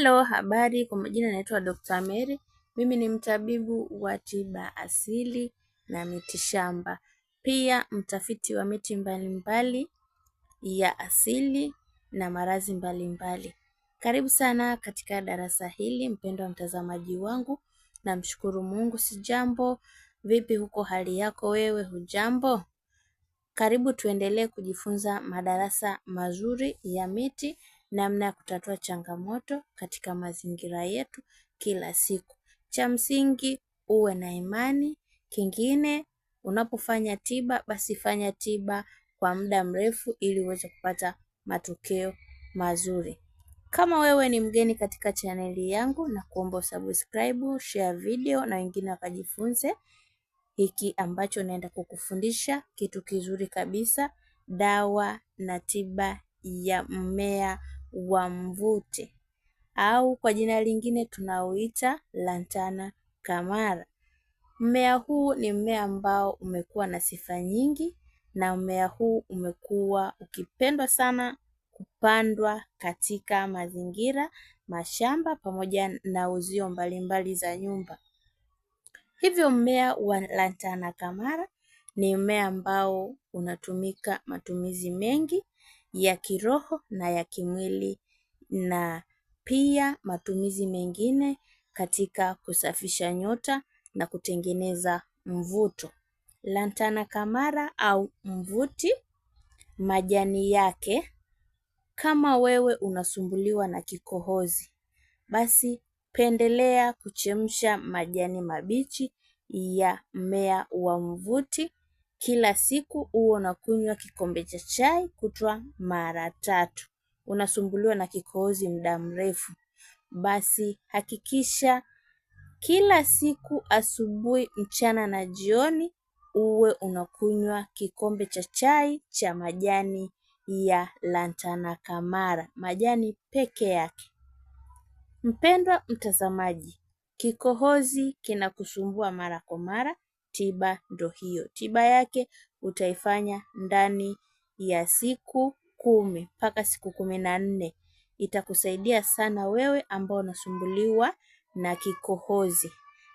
Hello, habari. Kwa majina naitwa Dr. Mary. Mimi ni mtabibu wa tiba asili na mitishamba, pia mtafiti wa miti mbalimbali ya asili na maradhi mbalimbali. Karibu sana katika darasa hili, mpendwa mtazamaji wangu. Namshukuru Mungu si jambo Vipi huko hali yako wewe, hujambo? Karibu tuendelee kujifunza madarasa mazuri ya miti namna ya kutatua changamoto katika mazingira yetu kila siku. Cha msingi uwe na imani. Kingine, unapofanya tiba basi fanya tiba kwa muda mrefu ili uweze kupata matokeo mazuri. Kama wewe ni mgeni katika chaneli yangu, na kuomba usubscribe, share video na wengine wakajifunze hiki ambacho naenda kukufundisha, kitu kizuri kabisa, dawa na tiba ya mmea wa mvute au kwa jina lingine tunaoita lantana kamara Mmea huu ni mmea ambao umekuwa na sifa nyingi na mmea huu umekuwa ukipendwa sana kupandwa katika mazingira, mashamba pamoja na uzio mbalimbali za nyumba. Hivyo mmea wa lantana kamara ni mmea ambao unatumika matumizi mengi ya kiroho na ya kimwili na pia matumizi mengine katika kusafisha nyota na kutengeneza mvuto. Lantana kamara au mvuti, majani yake, kama wewe unasumbuliwa na kikohozi, basi pendelea kuchemsha majani mabichi ya mmea wa mvuti kila siku uwe unakunywa kikombe cha chai kutwa mara tatu. Unasumbuliwa na kikohozi muda mrefu, basi hakikisha kila siku asubuhi, mchana na jioni uwe unakunywa kikombe cha chai cha majani ya lantana kamara, majani peke yake. Mpendwa mtazamaji, kikohozi kinakusumbua mara kwa mara, tiba ndo hiyo. Tiba yake utaifanya ndani ya siku kumi mpaka siku kumi na nne. Itakusaidia sana wewe ambao unasumbuliwa na kikohozi.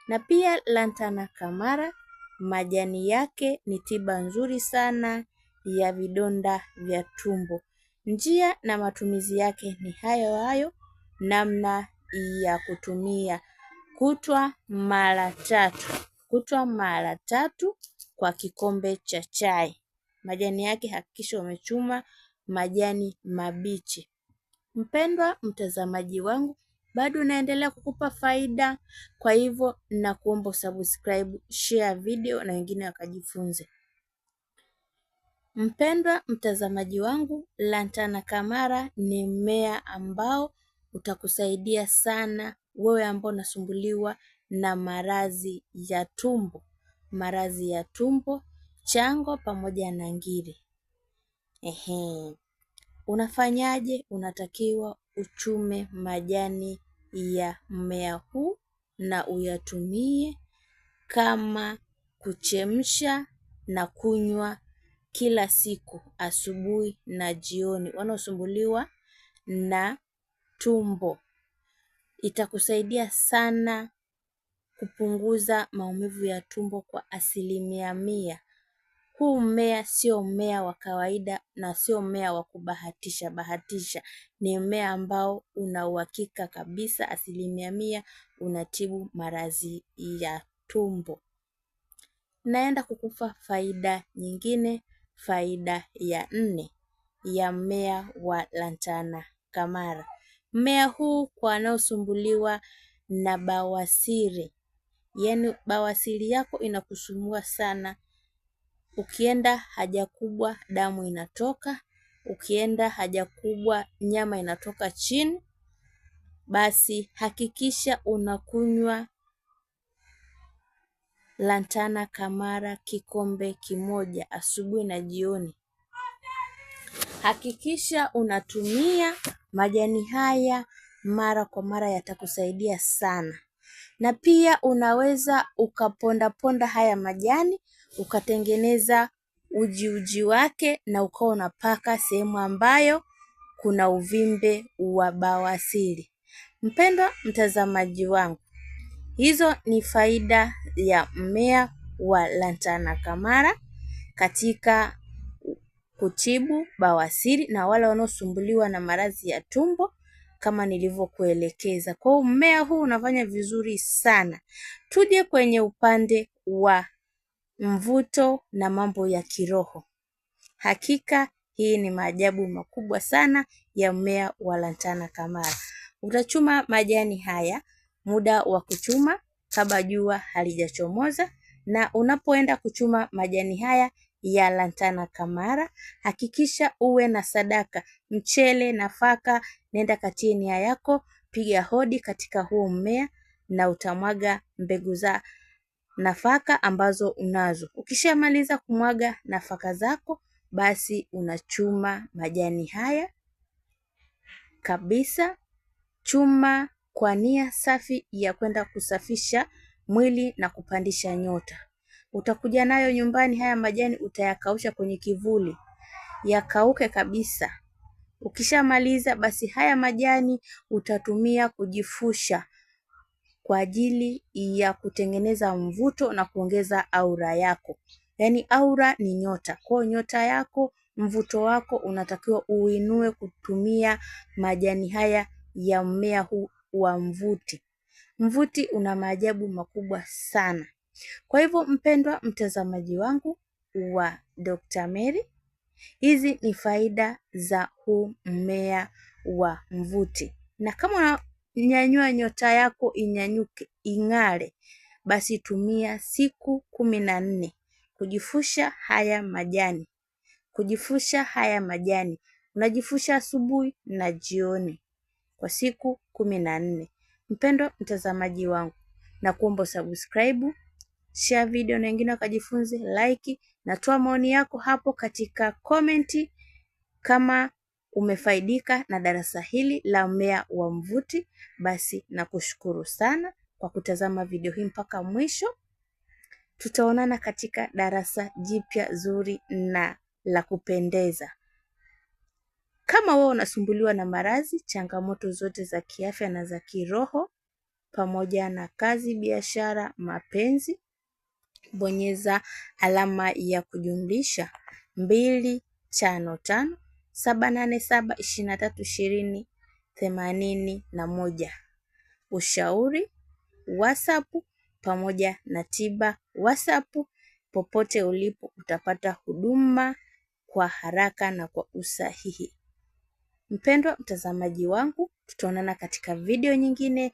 Na pia lantana kamara, majani yake ni tiba nzuri sana ya vidonda vya tumbo. Njia na matumizi yake ni hayo hayo, namna ya kutumia kutwa mara tatu kutwa mara tatu kwa kikombe cha chai. Majani yake hakikisha umechuma majani mabichi. Mpendwa mtazamaji wangu, bado unaendelea kukupa faida, kwa hivyo nakuomba subscribe, share video na wengine wakajifunze. Mpendwa mtazamaji wangu, lantana kamara ni mmea ambao utakusaidia sana wewe ambao unasumbuliwa na maradhi ya tumbo, maradhi ya tumbo, chango pamoja na ngiri. Ehe, unafanyaje? Unatakiwa uchume majani ya mmea huu na uyatumie kama kuchemsha na kunywa kila siku asubuhi na jioni. Wanaosumbuliwa na tumbo itakusaidia sana kupunguza maumivu ya tumbo kwa asilimia mia. Huu mmea sio mmea wa kawaida na sio mmea wa kubahatisha bahatisha. Ni mmea ambao una uhakika kabisa asilimia mia unatibu maradhi ya tumbo. Naenda kukupa faida nyingine, faida ya nne ya mmea wa lantana kamara. Mmea huu kwa wanaosumbuliwa na bawasiri yaani bawasiri yako inakusumbua sana. Ukienda haja kubwa damu inatoka, ukienda haja kubwa nyama inatoka chini, basi hakikisha unakunywa lantana kamara kikombe kimoja asubuhi na jioni. Hakikisha unatumia majani haya mara kwa mara, yatakusaidia sana na pia unaweza ukapondaponda haya majani ukatengeneza ujiuji wake na ukawa unapaka sehemu ambayo kuna uvimbe wa bawasiri. Mpendwa mtazamaji wangu, hizo ni faida ya mmea wa lantana kamara katika kutibu bawasiri na wale wanaosumbuliwa na maradhi ya tumbo kama nilivyokuelekeza. Kwa hiyo mmea huu unafanya vizuri sana. Tuje kwenye upande wa mvuto na mambo ya kiroho. Hakika hii ni maajabu makubwa sana ya mmea wa lantana kamara. Utachuma majani haya muda wa kuchuma kabla jua halijachomoza, na unapoenda kuchuma majani haya ya lantana kamara, hakikisha uwe na sadaka, mchele, nafaka Nenda katie nia yako, piga hodi katika huo mmea na utamwaga mbegu za nafaka ambazo unazo. Ukishamaliza kumwaga nafaka zako, basi unachuma majani haya kabisa. Chuma kwa nia safi ya kwenda kusafisha mwili na kupandisha nyota. Utakuja nayo nyumbani, haya majani utayakausha kwenye kivuli, yakauke kabisa. Ukishamaliza basi haya majani utatumia kujifusha kwa ajili ya kutengeneza mvuto na kuongeza aura yako. Yaani aura ni nyota. Kwa nyota yako, mvuto wako unatakiwa uinue kutumia majani haya ya mmea huu wa mvuti. Mvuti una maajabu makubwa sana. Kwa hivyo mpendwa mtazamaji wangu wa Dr. Mary, Hizi ni faida za huu mmea wa mvuti na kama unanyanyua nyota yako inyanyuke ing'are basi tumia siku kumi na nne kujifusha haya majani. Kujifusha haya majani, unajifusha asubuhi na jioni kwa siku kumi na nne. Mpendwa mtazamaji wangu, na kuomba subscribe share video na wengine wakajifunze, like na toa maoni yako hapo katika komenti kama umefaidika na darasa hili la mmea wa mvuti. Basi nakushukuru sana kwa kutazama video hii mpaka mwisho. Tutaonana katika darasa jipya zuri na la kupendeza. Kama wewe unasumbuliwa na maradhi, changamoto zote za kiafya na za kiroho, pamoja na kazi, biashara, mapenzi, bonyeza alama ya kujumlisha mbili tano tano saba nane saba ishirini na tatu ishirini themanini na moja ushauri WhatsApp pamoja na tiba WhatsApp. Popote ulipo utapata huduma kwa haraka na kwa usahihi. Mpendwa mtazamaji wangu, tutaonana katika video nyingine